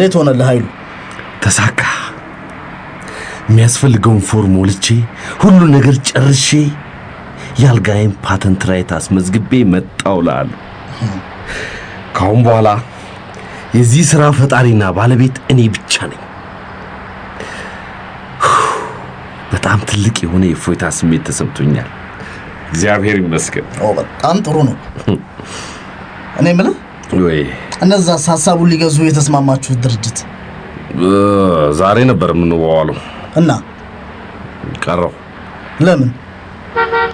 እንዴት ሆነልህ ኃይሉ? ተሳካ። የሚያስፈልገውን ፎርም ሞልቼ ሁሉን ነገር ጨርሼ የአልጋዬን ፓተንት ራይት አስመዝግቤ መጣው ካሁን በኋላ የዚህ ሥራ ፈጣሪና ባለቤት እኔ ብቻ ነኝ። በጣም ትልቅ የሆነ የእፎይታ ስሜት ተሰምቶኛል። እግዚአብሔር ይመስገን። በጣም ጥሩ ነው። እኔ የምልህ ወይ እነዛስ ሀሳቡን ሊገዙ የተስማማችሁት ድርጅት? ዛሬ ነበር የምንዋዋለው እና ቀረው። ለምን?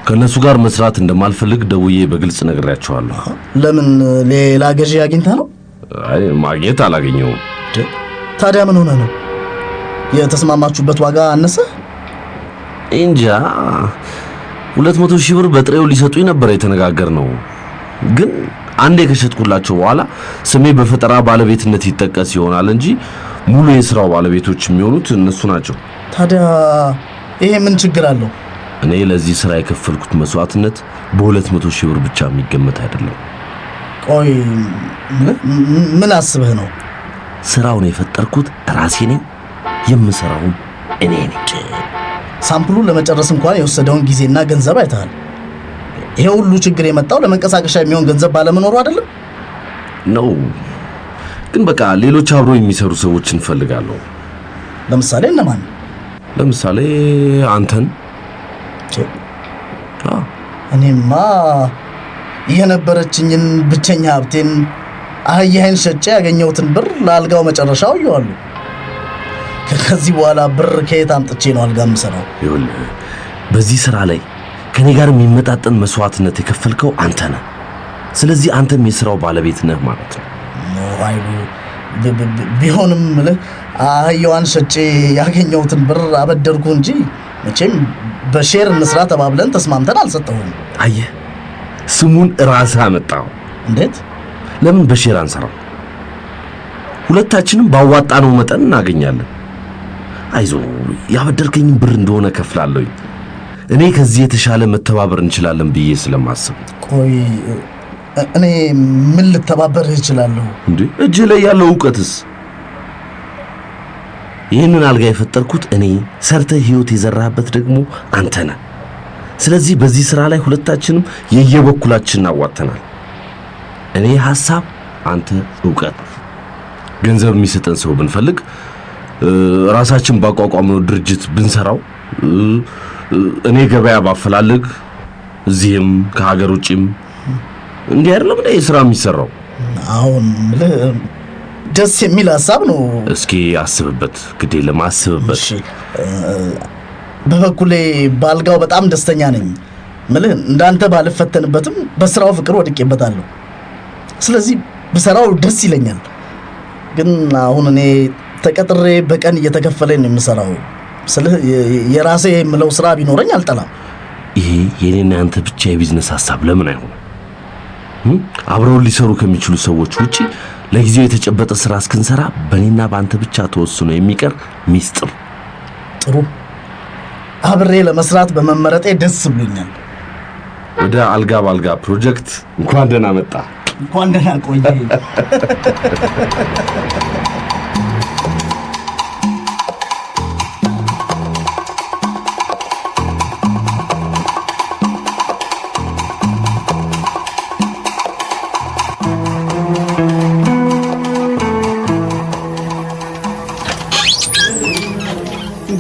ከእነሱ ጋር መስራት እንደማልፈልግ ደውዬ በግልጽ ነግሬያቸዋለሁ። ለምን? ሌላ ገዢ አግኝተ ነው? አይ ማግኘት አላገኘውም። ታዲያ ምን ሆነ ነው? የተስማማችሁበት ዋጋ አነሰ? እንጃ። ሁለት መቶ ሺህ ብር በጥሬው ሊሰጡኝ ነበር የተነጋገር ነው ግን አንዴ ከሸጥኩላቸው በኋላ ስሜ በፈጠራ ባለቤትነት ይጠቀስ ይሆናል እንጂ ሙሉ የስራው ባለቤቶች የሚሆኑት እነሱ ናቸው። ታዲያ ይሄ ምን ችግር አለው? እኔ ለዚህ ስራ የከፈልኩት መስዋዕትነት በሁለት መቶ ሺህ ብር ብቻ የሚገመት አይደለም። ቆይ ምን አስበህ ነው? ስራውን የፈጠርኩት ራሴ ነኝ፣ የምሰራውም እኔ ነኝ። ሳምፕሉን ለመጨረስ እንኳን የወሰደውን ጊዜና ገንዘብ አይተሃል። ይሄ ሁሉ ችግር የመጣው ለመንቀሳቀሻ የሚሆን ገንዘብ ባለመኖሩ አይደለም ነው። ግን በቃ ሌሎች አብሮ የሚሰሩ ሰዎች እንፈልጋለሁ። ለምሳሌ እነማን? ለምሳሌ አንተን። እኔማ የነበረችኝን ብቸኛ ሀብቴን አህያዬን ሸጬ ያገኘሁትን ብር ለአልጋው መጨረሻ አውየዋለሁ። ከዚህ በኋላ ብር ከየት አምጥቼ ነው አልጋ የምሰራው? ይኸውልህ በዚህ ስራ ላይ ከኔ ጋር የሚመጣጠን መስዋዕትነት የከፈልከው አንተ ነህ። ስለዚህ አንተም የሥራው ባለቤት ነህ ማለት ነው። ቢሆንም ምልህ አህያዋን ሸጬ ያገኘሁትን ብር አበደርኩ እንጂ መቼም በሼር እንስራ ተባብለን ተስማምተን አልሰጠሁም። አየህ፣ ስሙን ራስህ አመጣው። እንዴት? ለምን በሼር አንሰራው? ሁለታችንም ባዋጣነው መጠን እናገኛለን። አይዞ፣ ያበደርከኝን ብር እንደሆነ ከፍላለሁኝ። እኔ ከዚህ የተሻለ መተባበር እንችላለን ብዬ ስለማስብ። ቆይ እኔ ምን ልተባበር እችላለሁ? እንዴ እጅ ላይ ያለው እውቀትስ? ይህንን አልጋ የፈጠርኩት እኔ፣ ሰርተ ህይወት የዘራህበት ደግሞ አንተ ነህ። ስለዚህ በዚህ ሥራ ላይ ሁለታችንም የየበኩላችንን አዋተናል። እኔ ሐሳብ፣ አንተ እውቀት። ገንዘብ የሚሰጠን ሰው ብንፈልግ ራሳችን ባቋቋምነው ድርጅት ብንሰራው እኔ ገበያ ባፈላልግ እዚህም ከሀገር ውጭም እንዲህ አይደለም እንደ ስራ የሚሰራው። አሁን ደስ የሚል ሀሳብ ነው። እስኪ አስብበት፣ ግዴ ለማስብበት። በበኩሌ ባልጋው በጣም ደስተኛ ነኝ። ምልህ እንዳንተ ባልፈተንበትም በስራው ፍቅር ወድቄበታለሁ። ስለዚህ ብሰራው ደስ ይለኛል። ግን አሁን እኔ ተቀጥሬ በቀን እየተከፈለኝ ነው የምሰራው ስልህ የራሴ የምለው ስራ ቢኖረኝ አልጠላም። ይሄ የኔና አንተ ብቻ የቢዝነስ ሀሳብ ለምን አይሆን? አብረውን ሊሰሩ ከሚችሉ ሰዎች ውጪ ለጊዜው የተጨበጠ ስራ እስክንሰራ በእኔና በአንተ ብቻ ተወስኖ የሚቀር ሚስጥር። ጥሩ፣ አብሬ ለመስራት በመመረጤ ደስ ብሎኛል። ወደ አልጋ በአልጋ ፕሮጀክት እንኳን ደህና መጣ። እንኳን ደህና ቆየ።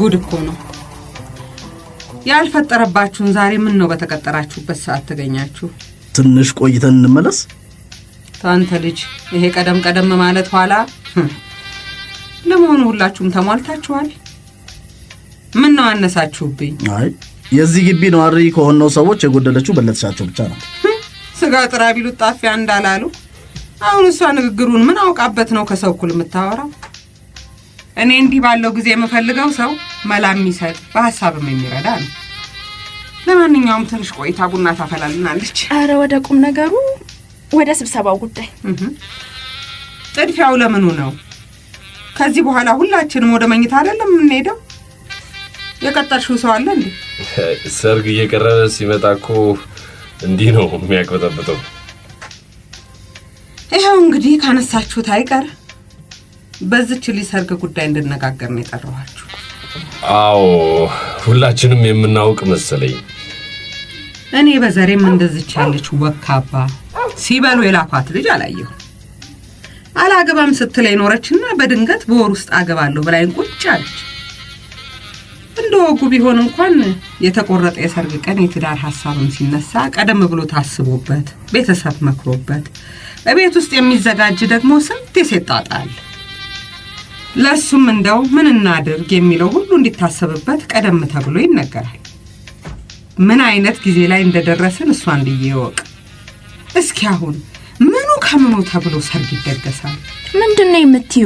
ጉድ እኮ ነው። ያልፈጠረባችሁን ዛሬ ምን ነው በተቀጠራችሁበት ሰዓት ተገኛችሁ? ትንሽ ቆይተን እንመለስ። ታንተ ልጅ ይሄ ቀደም ቀደም ማለት ኋላ። ለመሆኑ ሁላችሁም ተሟልታችኋል? ምን ነው አነሳችሁብኝ? አይ የዚህ ግቢ ነዋሪ ከሆነው ሰዎች የጎደለችው በለተሻቸው ብቻ ነው። ስጋ ጥራ ቢሉት ጣፊያ እንዳላሉ። አሁን እሷ ንግግሩን ምን አውቃበት ነው ከሰው እኩል የምታወራው? እኔ እንዲህ ባለው ጊዜ የምፈልገው ሰው መላ የሚሰጥ በሀሳብም የሚረዳ ነው። ለማንኛውም ትንሽ ቆይታ ቡና ታፈላልናለች። አረ ወደ ቁም ነገሩ፣ ወደ ስብሰባው ጉዳይ። ጥድፊያው ለምኑ ነው? ከዚህ በኋላ ሁላችንም ወደ መኝታ አይደለም የምንሄደው? የቀጠርሽው ሰው አለ እንዴ? ሰርግ እየቀረበ ሲመጣ እኮ እንዲህ ነው የሚያቅበጠብጠው። ይኸው እንግዲህ ካነሳችሁት አይቀር በዚች ሊሰርግ ጉዳይ እንድነጋገር ነው የጠራኋችሁ። አዎ ሁላችንም የምናውቅ መሰለኝ። እኔ በዘሬም እንደዚች ያለች ወካባ ሲበሉ የላኳት ልጅ አላየሁ። አላገባም ስትል ና በድንገት በወር ውስጥ አገባለሁ ብላኝ ቁጭ አለች። እንደ ወጉ ቢሆን እንኳን የተቆረጠ የሰርግ ቀን የትዳር ሀሳብም ሲነሳ ቀደም ብሎ ታስቦበት ቤተሰብ መክሮበት በቤት ውስጥ የሚዘጋጅ ደግሞ ስንት የሴት ጣጣ አለ። ለእሱም እንደው ምን እናድርግ የሚለው ሁሉ እንዲታሰብበት ቀደም ተብሎ ይነገራል። ምን አይነት ጊዜ ላይ እንደደረስን እሱ አንድዬ ይወቅ። እስኪ አሁን ምኑ ከምኑ ተብሎ ሰርግ ይደገሳል? ምንድን ነው የምትዩ?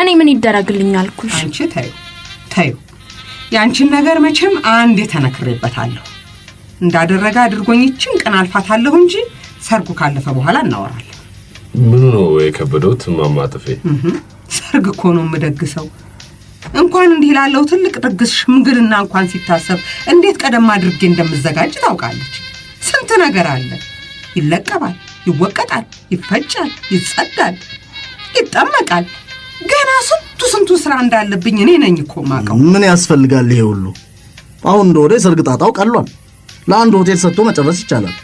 እኔ ምን ይደረግልኛል አልኩሽ። አንቺ ተዩ ተዩ፣ የአንቺን ነገር መቼም አንድ የተነክሬበታለሁ። እንዳደረገ አድርጎኝ ይችን ቀን አልፋታለሁ እንጂ ሰርጉ ካለፈ በኋላ እናወራለን። ምኑ ነው የከበደው? ትማማጥፌ ሰርግ እኮ ነው የምደግሰው። እንኳን እንዲህ ላለው ትልቅ ድግስ ሽምግልና እንኳን ሲታሰብ እንዴት ቀደም አድርጌ እንደምዘጋጅ ታውቃለች። ስንት ነገር አለ። ይለቀባል፣ ይወቀጣል፣ ይፈጫል፣ ይጸዳል፣ ይጠመቃል። ገና ስንቱ ስንቱ ስራ እንዳለብኝ እኔ ነኝ እኮ ማቀው። ምን ያስፈልጋል ይሄ ሁሉ? አሁን እንደሆነ የሰርግ ጣጣው ቀሏል። ለአንድ ሆቴል ሰጥቶ መጨረስ ይቻላል።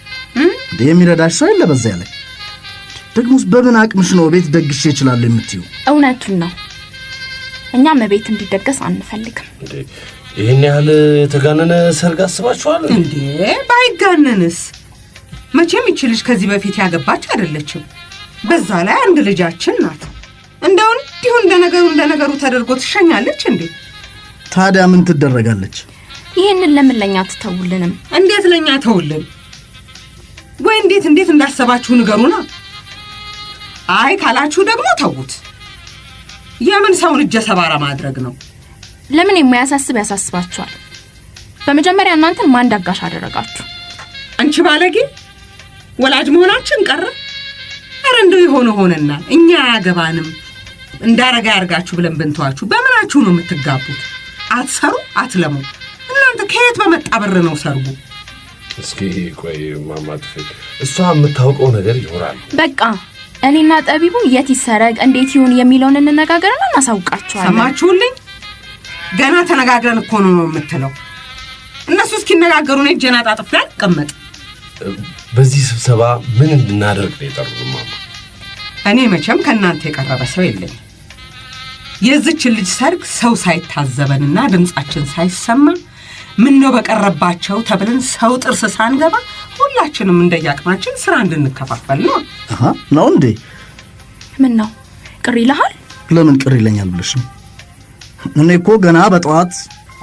የሚረዳሽ ሰው የለ በዛ ላይ ደግሞስ በምን አቅምሽ ነው ቤት ደግሼ እችላለሁ የምትዩ? እውነቱን ነው። እኛም ቤት እንዲደገስ አንፈልግም። ይህን ያህል የተጋነነ ሰርግ አስባችኋል እንዴ? ባይጋነንስ መቼም ይቺ ልጅ ከዚህ በፊት ያገባች አይደለችም። በዛ ላይ አንድ ልጃችን ናት። እንደው እንዲሁ እንደ ነገሩ እንደ ነገሩ ተደርጎ ትሸኛለች እንዴ? ታዲያ ምን ትደረጋለች? ይህንን ለምን ለኛ ትተውልንም? እንዴት ለኛ ተውልን ወይ? እንዴት እንዴት እንዳሰባችሁ ንገሩና አይ ካላችሁ ደግሞ ተዉት። የምን ሰውን እጀ ሰባራ ማድረግ ነው? ለምን የማያሳስብ ያሳስባችኋል? በመጀመሪያ እናንተን ማን ዳጋሽ አደረጋችሁ? አንቺ ባለጌ ወላጅ መሆናችን ቀረ። ኧረ እንደው የሆነ ሆነና እኛ አያገባንም እንዳረጋ ያርጋችሁ ብለን ብንተዋችሁ በምናችሁ ነው የምትጋቡት? አትሰሩ አትለሙ። እናንተ ከየት በመጣ ብር ነው ሰርጉ? እስኪ ቆይ ማማት እሷ የምታውቀው ነገር ይኖራል። በቃ እኔና ጠቢቡ የት ይሰረቅ እንዴት ይሁን የሚለውን እንነጋገርና እናሳውቃቸዋለን። ሰማችሁልኝ? ገና ተነጋግረን እኮ ነው የምትለው። እነሱ እስኪነጋገሩ እኔ እጄን አጣጥፌ አልቀመጥ። በዚህ ስብሰባ ምን እንድናደርግ ነው የጠሩት ማማ? እኔ መቼም ከእናንተ የቀረበ ሰው የለኝ። የዚችን ልጅ ሰርግ ሰው ሳይታዘበንና ድምፃችን ሳይሰማ ምን ነው በቀረባቸው ተብለን ሰው ጥርስ ሳንገባ ሁላችንም እንደየአቅማችን ስራ እንድንከፋፈል ነው። ነው እንዴ? ምን ነው ቅር ይልሃል? ለምን ቅር ይለኛል ብለሽ ነው? እኔ እኮ ገና በጠዋት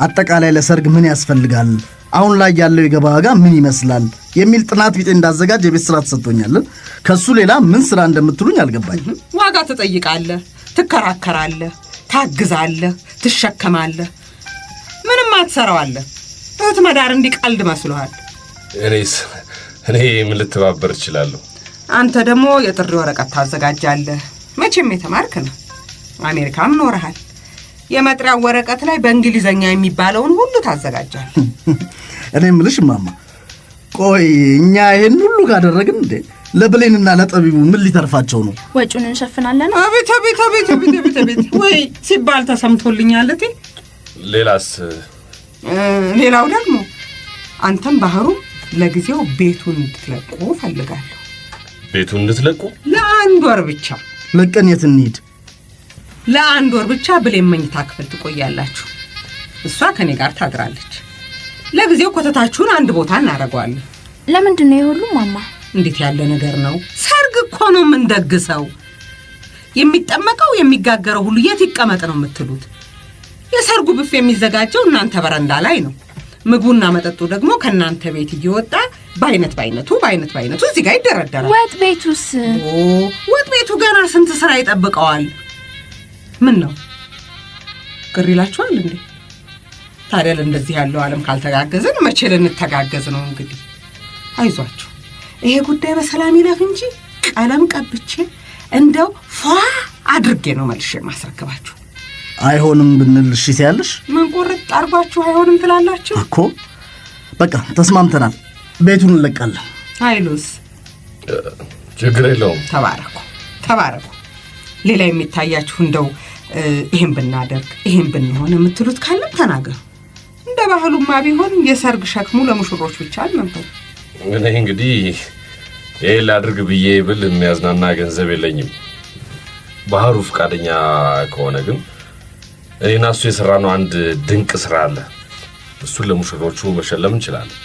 አጠቃላይ ለሰርግ ምን ያስፈልጋል፣ አሁን ላይ ያለው የገባ ዋጋ ምን ይመስላል የሚል ጥናት ቢጤ እንዳዘጋጅ የቤት ስራ ተሰጥቶኛለን። ከሱ ሌላ ምን ስራ እንደምትሉኝ አልገባኝም። ዋጋ ትጠይቃለህ፣ ትከራከራለህ፣ ታግዛለህ፣ ትሸከማለህ፣ ምንም አትሰራዋለህ። እህት መዳር እንዲህ ቀልድ መስሎሃል? እኔስ እኔ ምን ልተባበር እችላለሁ? አንተ ደግሞ የጥሪ ወረቀት ታዘጋጃለህ። መቼም የተማርክ ነው፣ አሜሪካም ኖረሃል። የመጥሪያው ወረቀት ላይ በእንግሊዘኛ የሚባለውን ሁሉ ታዘጋጃለህ። እኔ ምልሽ ማማ፣ ቆይ እኛ ይህን ሁሉ ካደረግን እንዴ ለብሌንና ለጠቢቡ ምን ሊተርፋቸው ነው? ወጪውን እንሸፍናለን። አቤት አቤት አቤት አቤት አቤት! ወይ ሲባል ተሰምቶልኛል። ሌላስ? ሌላው ደግሞ አንተም ባህሩም ለጊዜው ቤቱን እንድትለቁ ፈልጋለሁ። ቤቱን እንድትለቁ? ለአንድ ወር ብቻ። መቀኔት እንሂድ። ለአንድ ወር ብቻ ብሌን መኝታ ክፍል ትቆያላችሁ። እሷ ከኔ ጋር ታድራለች። ለጊዜው ኮተታችሁን አንድ ቦታ እናደርገዋለን። ለምንድን ነው የሁሉም ማማ? እንዴት ያለ ነገር ነው! ሰርግ እኮ ነው የምንደግሰው። የሚጠመቀው የሚጋገረው ሁሉ የት ይቀመጥ ነው የምትሉት? የሰርጉ ብፍ የሚዘጋጀው እናንተ በረንዳ ላይ ነው። ምግቡና መጠጡ ደግሞ ከእናንተ ቤት እየወጣ በአይነት በአይነቱ በአይነት በአይነቱ እዚህ ጋር ይደረደራል። ወጥ ቤቱስ? ወጥ ቤቱ ገና ስንት ስራ ይጠብቀዋል። ምን ነው ቅር ይላችኋል እንዴ? ታዲያ እንደዚህ ያለው ዓለም ካልተጋገዝን መቼ ልንተጋገዝ ነው? እንግዲህ አይዟችሁ፣ ይሄ ጉዳይ በሰላም ይለፍ እንጂ ቀለም ቀብቼ እንደው ፏ አድርጌ ነው መልሼ ማስረክባችሁ። አይሆንም ብንል እሺ ትያለሽ? ምን ቁርጥ አርጓችሁ አይሆንም ትላላችሁ እኮ። በቃ ተስማምተናል፣ ቤቱን እንለቃለን። ኃይሉስ ችግር የለውም። ተባረኩ፣ ተባረኩ። ሌላ የሚታያችሁ እንደው ይህን ብናደርግ ይህን ብንሆን የምትሉት ካለም ተናገሩ። እንደ ባህሉማ ቢሆን የሰርግ ሸክሙ ለሙሽሮች ብቻ አልነበር። እኔ እንግዲህ ይህ ላድርግ ብዬ ብል የሚያዝናና ገንዘብ የለኝም። ባህሩ ፈቃደኛ ከሆነ ግን እኔና እሱ የሰራ ነው አንድ ድንቅ ስራ አለ። እሱን ለሙሽሮቹ መሸለም እንችላለን።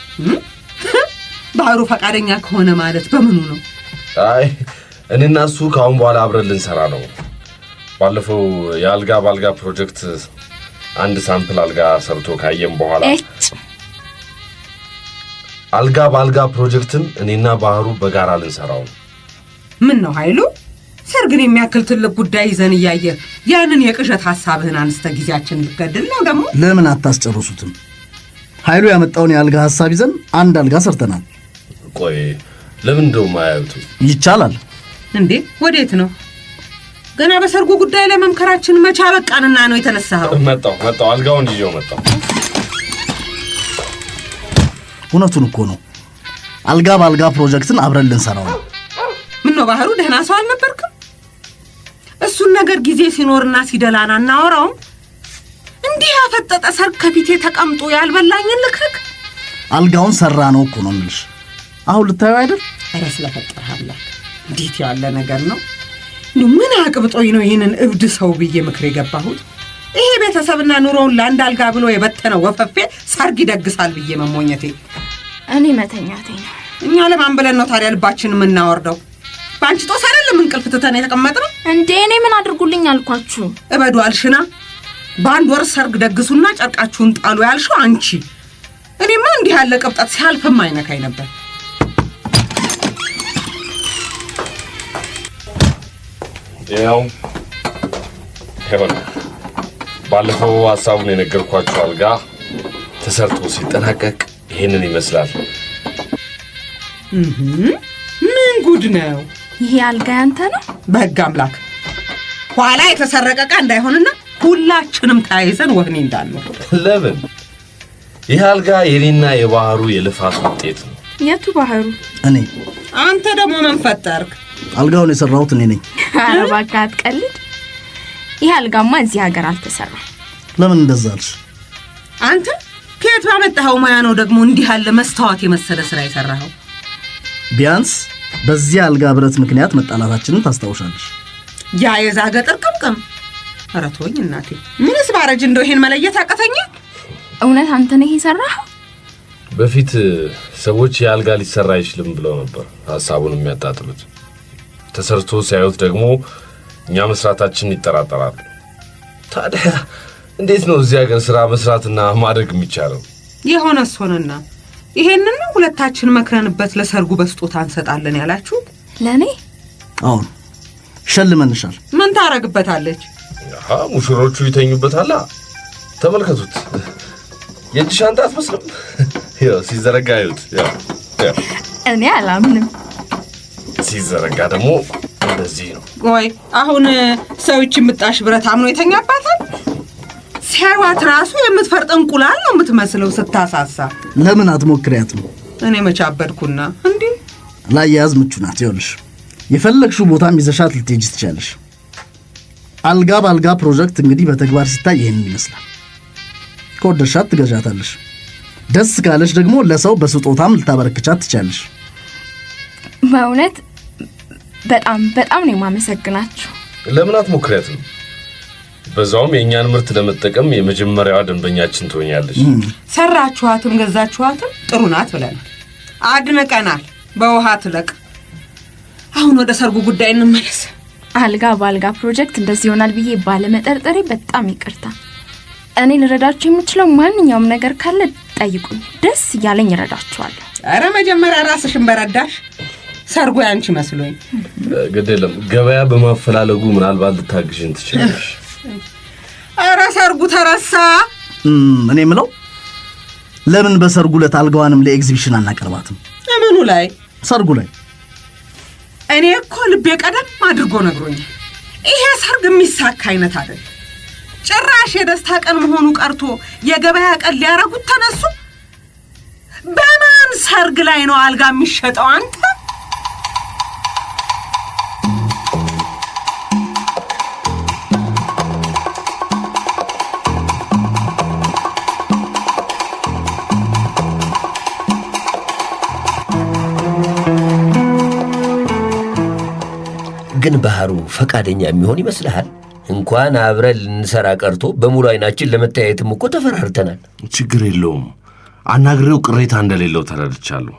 ባህሩ ፈቃደኛ ከሆነ ማለት በምኑ ነው? አይ እኔና እሱ ከአሁን በኋላ አብረን ልንሰራ ነው። ባለፈው የአልጋ በአልጋ ፕሮጀክት አንድ ሳምፕል አልጋ ሰርቶ ካየም በኋላ አልጋ በአልጋ ፕሮጀክትን እኔና ባህሩ በጋራ ልንሰራው ነው። ምን ነው ኃይሉ ሰርግን የሚያክል ትልቅ ጉዳይ ይዘን እያየ ያንን የቅዠት ሐሳብህን አንስተ ጊዜያችን ልገድል ነው። ደግሞ ለምን አታስጨርሱትም? ኃይሉ ያመጣውን የአልጋ ሐሳብ ይዘን አንድ አልጋ ሰርተናል። ቆይ ለምን እንደው ማያዩቱ ይቻላል እንዴ? ወዴት ነው? ገና በሰርጉ ጉዳይ ላይ መምከራችን መቻ በቃንና ነው የተነሳኸው? መጣው መጣው አልጋውን ይዤው መጣው እውነቱን እኮ ነው። አልጋ በአልጋ ፕሮጀክትን አብረን ልንሰራው ነው። ምነው ባህሩ፣ ደህና ሰው አልነበርክ? እሱን ነገር ጊዜ ሲኖርና ሲደላና እናወራውም። እንዲህ ያፈጠጠ ሰርግ ከፊቴ ተቀምጦ ያልበላኝን ልክክ አልጋውን ሰራ ነው እኮ ነው የምልሽ። አሁን ልታዩ አይደል? ኧረ ስለፈጠረ እንዴት ያለ ነገር ነው! ምን አቅብጦኝ ነው ይህንን እብድ ሰው ብዬ ምክር የገባሁት? ይሄ ቤተሰብና ኑሮውን ለአንድ አልጋ ብሎ የበተነው ወፈፌ ሰርግ ይደግሳል ብዬ መሞኘቴ። እኔ መተኛቴ ነው። እኛ ለማን ብለን ነው ታዲያ ልባችን የምናወርደው? በአንቺ ጦስ አይደለም እንቅልፍ ትተን የተቀመጥነው እንዴ? እኔ ምን አድርጉልኝ አልኳችሁ? እበዱ አልሽና በአንድ ወር ሰርግ ደግሱና ጨርቃችሁን ጣሉ ያልሽው አንቺ። እኔማ እንዲህ ያለ ቅብጠት ሲያልፍም አይነካኝ ነበር። ያው ባለፈው ሀሳቡን የነገርኳችሁ አልጋ ተሰርቶ ሲጠናቀቅ ይሄንን ይመስላል። ምን ጉድ ነው! ይሄ አልጋ ያንተ ነው? በህግ አምላክ ኋላ የተሰረቀ እቃ እንዳይሆንና ሁላችንም ተያይዘን ወህኒ እንዳንል። ለምን? ይህ አልጋ የኔና የባህሩ የልፋት ውጤት ነው። የቱ ባህሩ? እኔ። አንተ ደግሞ ምን ፈጠርክ? አልጋውን የሰራሁት እኔ ነኝ። ኧረ እባክህ አትቀልድ። ይህ አልጋማ እዚህ ሀገር አልተሰራም። ለምን እንደዛ አልሽ? አንተ ከየት ባመጣኸው ሙያ ነው ደግሞ እንዲህ ያለ መስታወት የመሰለ ስራ የሰራኸው? ቢያንስ በዚህ አልጋ ብረት ምክንያት መጣላታችንን ታስታውሻለሽ? ያ ገጠር ጥርቅምቅም ረቶኝ እናቴ፣ ምንስ ባረጅ እንደው ይሄን መለየት አቀተኝ። እውነት አንተ ነህ የሰራህ? በፊት ሰዎች የአልጋ ሊሰራ አይችልም ብለው ነበር ሀሳቡን የሚያጣጥሉት። ተሰርቶ ሲያዩት ደግሞ እኛ መስራታችንን ይጠራጠራል ታዲያ እንዴት ነው እዚህ ሀገር ስራ መስራትና ማደግ የሚቻለው? የሆነስ ሆነና ይሄንን ሁለታችን መክረንበት ለሰርጉ በስጦታ እንሰጣለን ያላችሁት? ለእኔ አሁን ሸልመንሻል። ምን ታረግበታለች? ሙሽሮቹ ይተኙበታላ። ተመልከቱት፣ የእጅ ሻንጣ አትመስልም? ሲዘረጋ አዩት። እኔ አላምንም። ሲዘረጋ ደግሞ እንደዚህ ነው ወይ? አሁን ሰው ይቺ ምጣሽ ብረት አምኖ የተኛባት ሲያዩት ራሱ የምትፈርጥ እንቁላል ነው የምትመስለው ስታሳሳ። ለምን አትሞክሪያት ነው? እኔ መቻበድኩና እንዲህ ላያያዝ ምቹ ናት። ይኸውልሽ የፈለግሽው ቦታም ይዘሻት ልትሄጂ ትችያለሽ። አልጋ በአልጋ ፕሮጀክት እንግዲህ በተግባር ሲታይ ይህን ይመስላል። ከወደድሻት ትገዣታለሽ። ደስ ካለሽ ደግሞ ለሰው በስጦታም ልታበረክቻት ትችያለሽ። በእውነት በጣም በጣም ነው የማመሰግናችሁ። ለምን አትሞክሪያት ነው? በዛውም የእኛን ምርት ለመጠቀም የመጀመሪያዋ ደንበኛችን ትሆኛለች። ሰራችኋትም ገዛችኋትም ጥሩ ናት ብለናል፣ አድንቀናል። በውሃ ትለቅ። አሁን ወደ ሰርጉ ጉዳይ እንመለስ። አልጋ በአልጋ ፕሮጀክት እንደዚህ ይሆናል ብዬ ባለመጠርጠሬ በጣም ይቅርታ። እኔ ልረዳችሁ የምችለው ማንኛውም ነገር ካለ ጠይቁኝ፣ ደስ እያለኝ እረዳችኋለሁ። ኧረ መጀመሪያ ራስሽን በረዳሽ ሰርጉ ያንቺ መስሎኝ። ግድ የለም ገበያ በማፈላለጉ ምናልባት ልታግዥን ትችላለሽ። ኧረ ሰርጉ ተረሳ። እኔ ምለው ለምን በሰርጉ ዕለት አልጋዋንም ለኤግዚቢሽን አናቀርባትም? ምኑ ላይ? ሰርጉ ላይ። እኔ እኮ ልቤ ቀደም አድርጎ ነግሮኛል። ይሄ ሰርግ የሚሳካ አይነት አይደል። ጭራሽ የደስታ ቀን መሆኑ ቀርቶ የገበያ ቀን ሊያረጉት ተነሱ። በማን ሰርግ ላይ ነው አልጋ የሚሸጠው አንተ? ግን ባህሩ ፈቃደኛ የሚሆን ይመስልሃል? እንኳን አብረን ልንሰራ ቀርቶ በሙሉ አይናችን ለመተያየትም እኮ ተፈራርተናል። ችግር የለውም አናግሬው ቅሬታ እንደሌለው ተረድቻለሁ።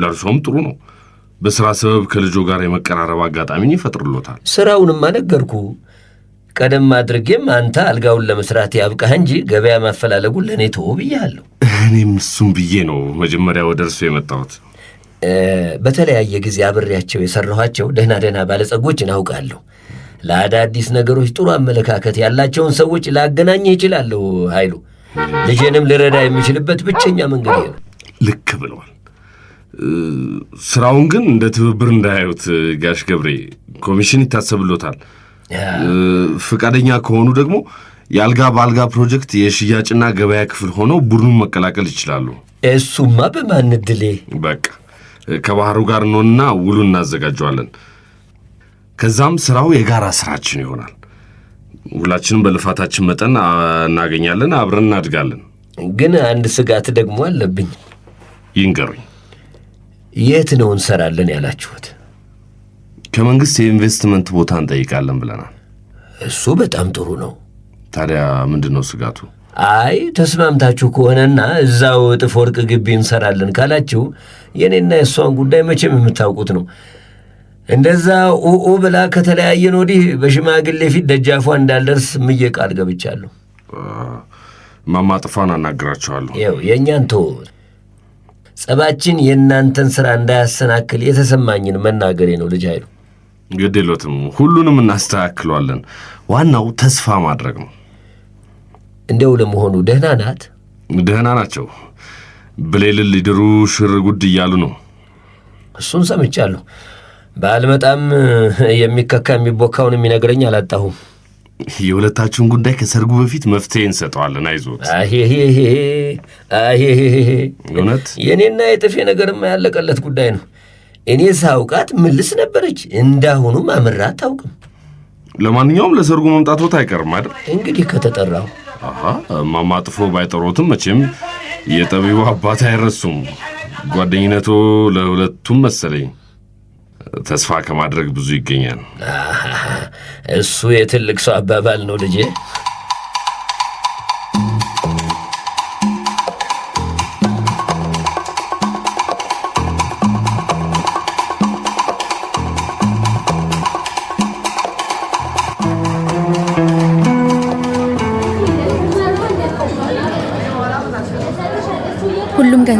ለእርሶም ጥሩ ነው። በሥራ ሰበብ ከልጆ ጋር የመቀራረብ አጋጣሚን ይፈጥርሎታል። ሥራውንም አነገርኩ። ቀደም አድርጌም አንተ አልጋውን ለመስራት ያብቃህ እንጂ ገበያ ማፈላለጉን ለእኔ ተወው ብያለሁ። እኔም እሱም ብዬ ነው መጀመሪያ ወደ እርሶ የመጣሁት። በተለያየ ጊዜ አብሬያቸው የሰራኋቸው ደህና ደህና ባለጸጎች እናውቃለሁ። ለአዳዲስ ነገሮች ጥሩ አመለካከት ያላቸውን ሰዎች ላገናኘ ይችላለሁ። ኃይሉ ልጄንም ልረዳ የምችልበት ብቸኛ መንገድ ነው። ልክ ብለዋል። ስራውን ግን እንደ ትብብር እንዳያዩት ጋሽ ገብሬ፣ ኮሚሽን ይታሰብሎታል። ፈቃደኛ ከሆኑ ደግሞ የአልጋ በአልጋ ፕሮጀክት የሽያጭና ገበያ ክፍል ሆነው ቡድኑን መቀላቀል ይችላሉ። እሱማ በማን እድሌ በቃ ከባህሩ ጋር ነውና ውሉ እናዘጋጀዋለን። ከዛም ስራው የጋራ ስራችን ይሆናል። ሁላችንም በልፋታችን መጠን እናገኛለን፣ አብረን እናድጋለን። ግን አንድ ስጋት ደግሞ አለብኝ። ይንገሩኝ። የት ነው እንሰራለን ያላችሁት? ከመንግስት የኢንቨስትመንት ቦታ እንጠይቃለን ብለናል። እሱ በጣም ጥሩ ነው። ታዲያ ምንድን ነው ስጋቱ? አይ ተስማምታችሁ ከሆነና እዛው እጥፍ ወርቅ ግቢ እንሰራለን ካላችሁ የእኔና የእሷን ጉዳይ መቼም የምታውቁት ነው። እንደዛ ኡኡ ብላ ከተለያየን ወዲህ በሽማግሌ ፊት ደጃፏ እንዳልደርስ ምዬ ቃል ገብቻለሁ። እማማ አናግራቸዋለሁ። ያው የእኛን ቶ ጸባችን የእናንተን ስራ እንዳያሰናክል የተሰማኝን መናገሬ ነው። ልጅ አይሉ ግድ የለዎትም፣ ሁሉንም እናስተካክሏለን። ዋናው ተስፋ ማድረግ ነው። እንደው ለመሆኑ ደህና ናት? ደህና ናቸው። ብሌልን ሊድሩ ሽር ጉድ እያሉ ነው። እሱን ሰምቻለሁ። ባልመጣም የሚከካ የሚቦካውን የሚነግረኝ አላጣሁም። የሁለታችሁን ጉዳይ ከሰርጉ በፊት መፍትሄ እንሰጠዋለን። አይዞት። እውነት የእኔና የጥፌ ነገርማ ያለቀለት ጉዳይ ነው። እኔ ሳውቃት ምልስ ነበረች፣ እንዳሁኑም አምራ አታውቅም። ለማንኛውም ለሰርጉ መምጣት ቦታ አይቀርም አይደል? እንግዲህ ከተጠራው እማማ ጥፎ ባይጠሮትም መቼም የጠቢቡ አባት አይረሱም። ጓደኝነቱ ለሁለቱም መሰለኝ ተስፋ ከማድረግ ብዙ ይገኛል። እሱ የትልቅ ሰው አባባል ነው ልጄ።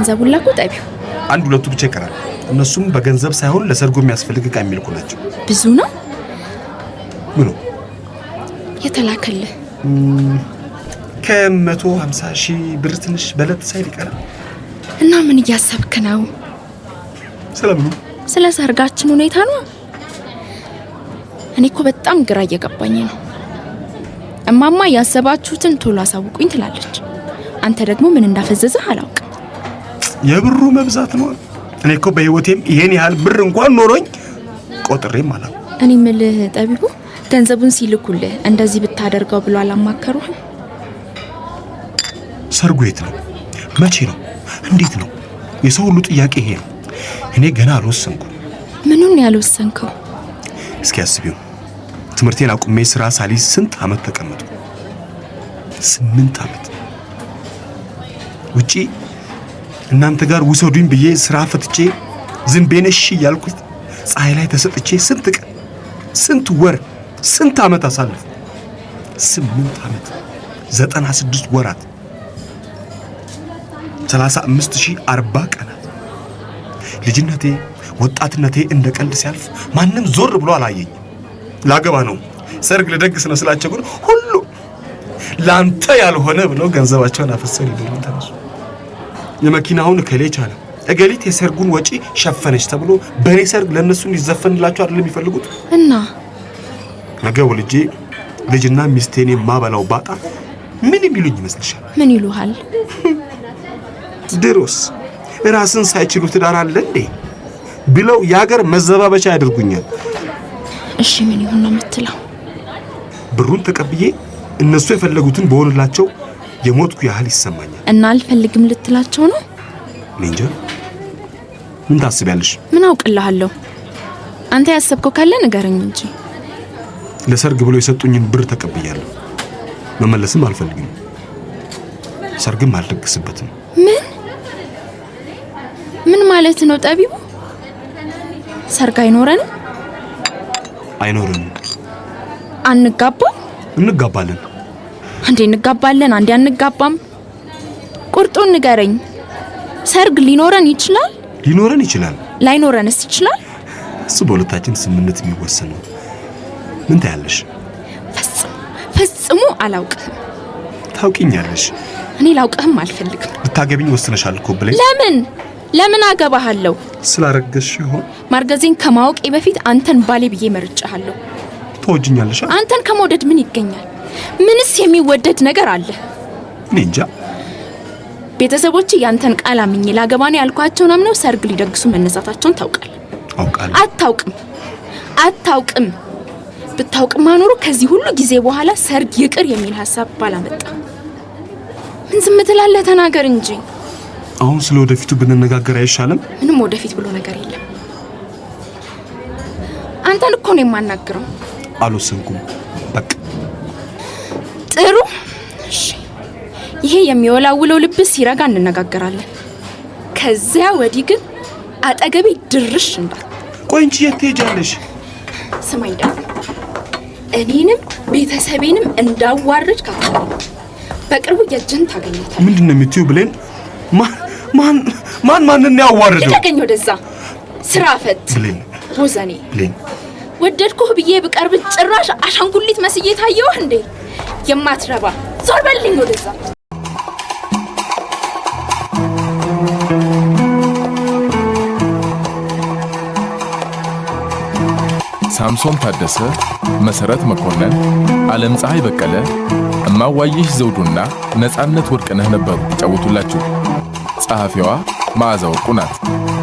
ገንዘቡን ላኩ ጠቢው። አንድ ሁለቱ ብቻ ይቀራል። እነሱም በገንዘብ ሳይሆን ለሰርጎ የሚያስፈልግ ዕቃ የሚልኩ ናቸው። ብዙ ነው። ምኑ የተላከልህ? ከመቶ ሀምሳ ሺህ ብር ትንሽ በለት ሳይል ይቀራል። እና ምን እያሰብክ ነው? ስለምኑ? ስለ ሰርጋችን ሁኔታ ነው። እኔ እኮ በጣም ግራ እየገባኝ ነው። እማማ ያሰባችሁትን ቶሎ አሳውቁኝ ትላለች። አንተ ደግሞ ምን እንዳፈዘዘህ አላውቅም። የብሩ መብዛት ነው። እኔ እኮ በህይወቴም ይሄን ያህል ብር እንኳን ኖሮኝ ቆጥሬም አላውቅም። እኔ ምልህ ጠቢቡ ገንዘቡን ሲልኩልህ እንደዚህ ብታደርገው ብሎ አላማከሩህ? ሰርጉ የት ነው? መቼ ነው? እንዴት ነው? የሰው ሁሉ ጥያቄ ይሄ ነው። እኔ ገና አልወሰንኩም። ምኑን ያልወሰንከው? እስኪ አስቢው። ትምህርቴን አቁሜ ስራ ሳሊዝ ስንት አመት ተቀመጥኩ? ስምንት አመት ውጪ እናንተ ጋር ውሰዱኝ ብዬ ስራ ፈትቼ ዝንቤን እሺ እያልኩት ፀሐይ ላይ ተሰጥቼ ስንት ቀን ስንት ወር ስንት ዓመት አሳልፍ ስምንት ዓመት ዘጠና ስድስት ወራት ሰላሳ አምስት ሺህ አርባ ቀናት ልጅነቴ ወጣትነቴ እንደ ቀልድ ሲያልፍ ማንም ዞር ብሎ አላየኝ። ላገባ ነው ሰርግ ልደግስ ነው ግን ሁሉ ለአንተ ያልሆነ ብለው ገንዘባቸውን አፈሰሩ ይበሉ ተነሱ። የመኪናውን እከሌ ቻለ፣ እገሊት የሰርጉን ወጪ ሸፈነች ተብሎ በእኔ ሰርግ ለእነሱ እንዲዘፈንላቸው አይደለም የሚፈልጉት። እና ነገ ወልጄ ልጅና ሚስቴን የማበላው ባጣ ምን የሚሉኝ ይመስልሻል? ምን ይሉሃል? ድሮስ ራስን ሳይችሉ ትዳር አለ እንዴ ብለው የሀገር መዘባበቻ ያደርጉኛል። እሺ ምን ይሁን ነው የምትለው? ብሩን ተቀብዬ እነሱ የፈለጉትን በሆንላቸው የሞትኩ ያህል ይሰማኛል። እና አልፈልግም ልትላቸው ነው? እንጃ። ምን ታስቢያለሽ? ምን አውቅልሃለሁ። አንተ ያሰብከው ካለ ንገረኝ እንጂ። ለሰርግ ብሎ የሰጡኝን ብር ተቀብያለሁ። መመለስም አልፈልግም። ሰርግም አልደግስበትም። ምን ምን ማለት ነው ጠቢቡ? ሰርግ አይኖረንም? አይኖረንም። አንጋባ? እንጋባለን አንዴ እንጋባለን፣ አንዴ አንጋባም። ቁርጡን ንገረኝ። ሰርግ ሊኖረን ይችላል? ሊኖረን ይችላል። ላይኖረንስ ይችላል? እሱ በሁለታችን ስምምነት የሚወሰን ነው። ምን ታያለሽ? ፈጽሞ ፈጽሞ አላውቅህም። ታውቂኛለሽ። እኔ ላውቅህም አልፈልግም። ልታገቢኝ ወስነሻል እኮ ብለኝ ለምን ለምን አገባሃለሁ? ስላረገዝሽ ይሆን? ማርገዜን ከማወቄ በፊት አንተን ባሌ ብዬ መርጬሃለሁ። ተወጅኛለሽ። አንተን ከመውደድ ምን ይገኛል? ምንስ የሚወደድ ነገር አለ? እንጃ። ቤተሰቦች ያንተን ቃል አምኜ ላገባኔ ያልኳቸውን አምነው ሰርግ ሊደግሱ መነሳታቸውን ታውቃል? አውቃለሁ። አታውቅም፣ አታውቅም። ብታውቅማ ኖሮ ከዚህ ሁሉ ጊዜ በኋላ ሰርግ ይቅር የሚል ሀሳብ ባላመጣ። ምን ዝም ትላለህ? ተናገር እንጂ። አሁን ስለ ወደፊቱ ብንነጋገር አይሻልም? ምንም ወደፊት ብሎ ነገር የለም። አንተን እኮ ነው የማናግረው። አልወሰንኩም። ይሄ የሚወላውለው ልብ ሲረጋ እንነጋገራለን። ከዚያ ወዲህ ግን አጠገቤ ድርሽ እንዳል። ቆይ እንጂ የት ትሄጃለሽ? ስማኝ ደግሞ እኔንም ቤተሰቤንም እንዳዋረድ ካ በቅርቡ የእጅን ታገኘታል። ምንድን ነው የምትዩ? ብሌን ማን ማን ማንን ያዋረደው? ይለቀኝ ወደዛ ስራ ፈት ብሌን፣ ቦዘኔ ብሌን፣ ወደድኩህ ብዬ ብቀርብ ጭራሽ አሻንጉሊት መስዬ ታየውህ እንዴ? የማትረባ ዞር በልኝ ወደዛ ሳምሶን ታደሰ፣ መሠረት መኮንን፣ ዓለም ፀሐይ በቀለ፣ እማዋይሽ ዘውዱና ነፃነት ወርቅነህ ነበሩ ይጫወቱላችሁ። ጸሐፊዋ መዓዛ ወርቁ ናት።